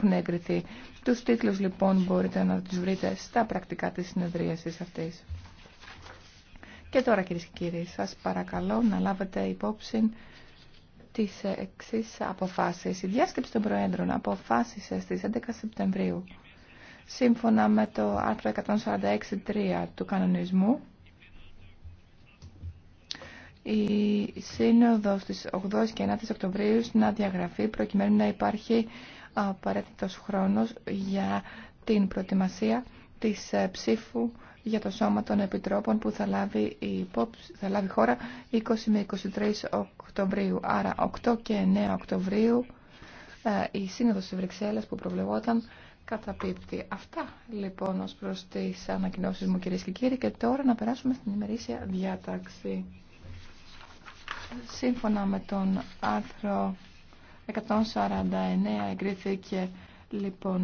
έχουν εγκριθεί. Τους τίτλους λοιπόν μπορείτε να του βρείτε στα πρακτικά της συνεδρίασης αυτής. Και τώρα κυρίε και κύριοι, σα παρακαλώ να λάβετε υπόψη τι εξή αποφάσει. Η διάσκεψη των Προέδρων αποφάσισε στι 11 Σεπτεμβρίου σύμφωνα με το άρθρο 146.3 του κανονισμού η σύνοδο της 8 και 9 Οκτωβρίου να διαγραφεί προκειμένου να υπάρχει απαραίτητο χρόνο για την προετοιμασία της ε, ψήφου για το σώμα των επιτρόπων που θα λάβει, η θα λάβει χώρα 20 με 23 Οκτωβρίου. Άρα 8 και 9 Οκτωβρίου ε, η σύνοδο τη Βρυξέλλα που προβλεπόταν καταπίπτει. Αυτά λοιπόν ως προς τις ανακοινώσεις μου κυρίες και κύριοι και τώρα να περάσουμε στην ημερήσια διάταξη. Σύμφωνα με τον άρθρο 149 εγκρίθηκε λοιπόν